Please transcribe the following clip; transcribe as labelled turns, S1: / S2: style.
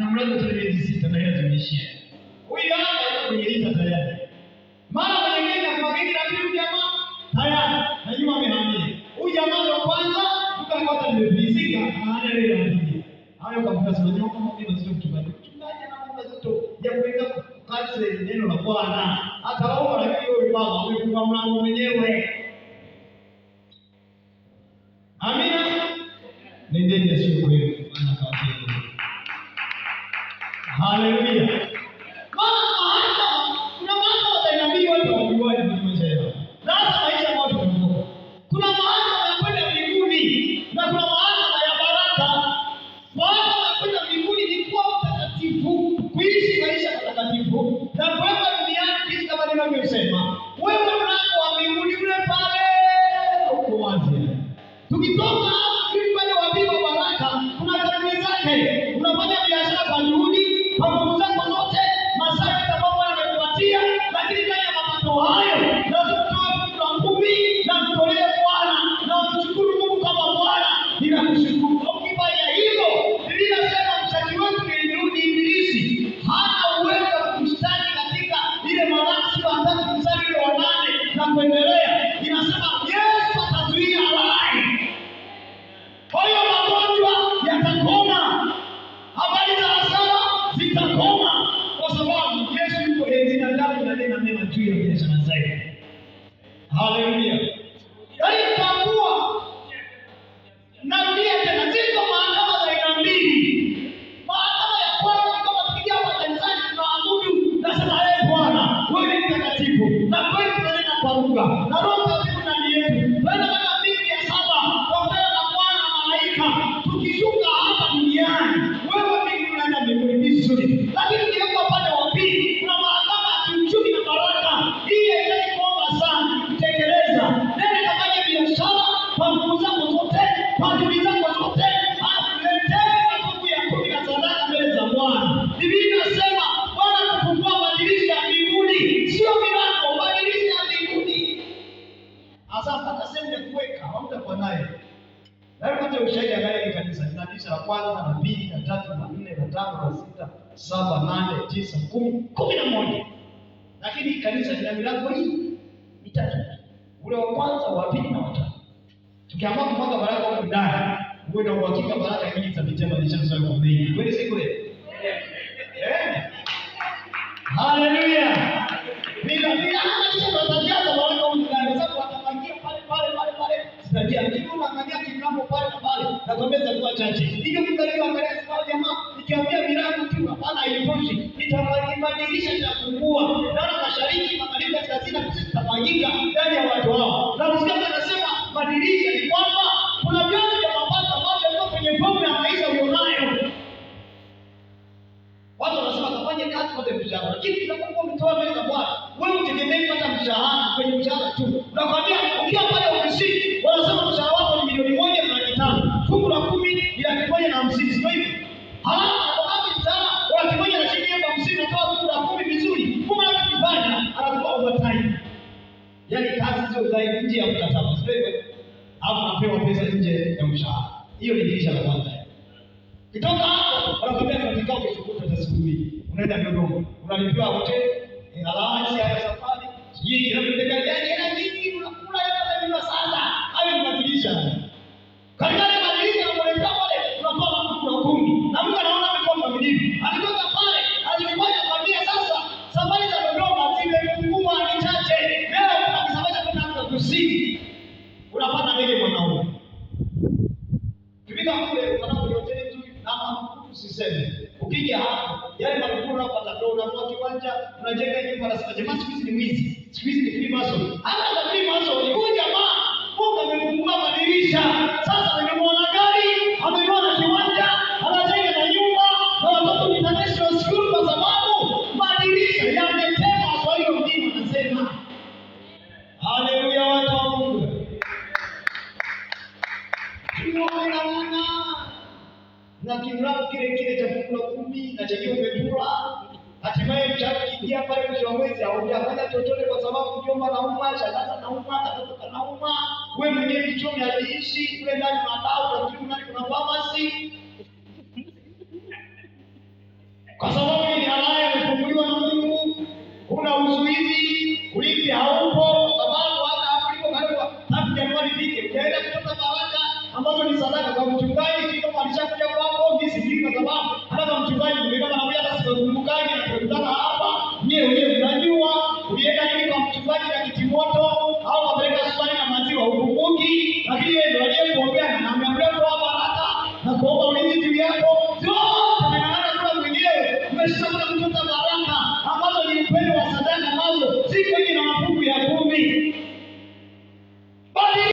S1: anamlaza tena miezi sita na yeye zimeishia. Huyu hapa kwenye lita tayari. Mara kwenye lita na huyu jamaa tayari na amehamia. Huyu jamaa ndo kwanza tukampata nimefizika maana yeye anakuja. Hayo kwa kufanya sio kama mimi basi tukibali. Tunaje na mambo zote ya kuweka kazi neno la Bwana. Ataomba lakini huyu baba amefunga mlango mwenyewe. Amina. Nendeni Yesu kwenu. Maana kwa Hallelujah Hallelujah. kingine cha Nazareti. Haleluya! Yaani tambua narudia tena, ziko mahakama za aina mbili. Mahakama ya kwanza ni kama tukiingia hapa kanisani tunaabudu, nasema ee Bwana, wewe ni mtakatifu na kweli tunanena kwa lugha na roho kwanza na mbili na tatu na nne na tano na sita saba nane tisa kumi kumi na moja lakini kanisa lina milango hii mitatu, ule wa kwanza, wa pili na watatu. Tukiamua kumwaga baraka huku ndani, uwe na uhakika baraka hizi za vitema zishazaa kwa mengi, kweli si kweli? kuambia milango tu, hapana, haitoshi. Nitabadilisha, nitafungua ndani mashariki, magharibi, kaskazini na kusini, zitafanyika ndani ya watu hao. Na msikate anasema badilisha, ni kwamba kuna vyanzo vya mapato ambavyo yako kwenye fomu ya maisha ulionayo. Watu wanasema kafanye kazi kote mshahara, lakini tunapokuwa mtoa mbele za Bwana, wewe utegemee kupata mshahara kwenye mshahara tu unakwambia uzae nje ya mkataba, sio hivyo? Au unapewa pesa nje ya mshahara. Hiyo ni dirisha la kwanza. Kitoka hapo unakwambia kwa kikao kichukuta cha siku mbili. Unaenda Dodoma, unalipiwa hoteli, eh, allowance ya safari, sijui ni mtendaji gani gani tuseme. Ukija hapo yale makubura hapo atakao unanua kiwanja, unajenga nyumba na sifa. Jamaa siku hizi ni mwizi. Siku hizi ni free mason. Hata za free mason ni huyu jamaa na kimrao kile kile cha fungu la kumi na chenyewe umekula, hatimaye ingia pale mwisho wa mwezi, haujafanya chochote kwa sababu mjomba nauma, shangazi nauma, katoto kanauma, wewe mwenyewe kichomi aliishi kule ndani, na matao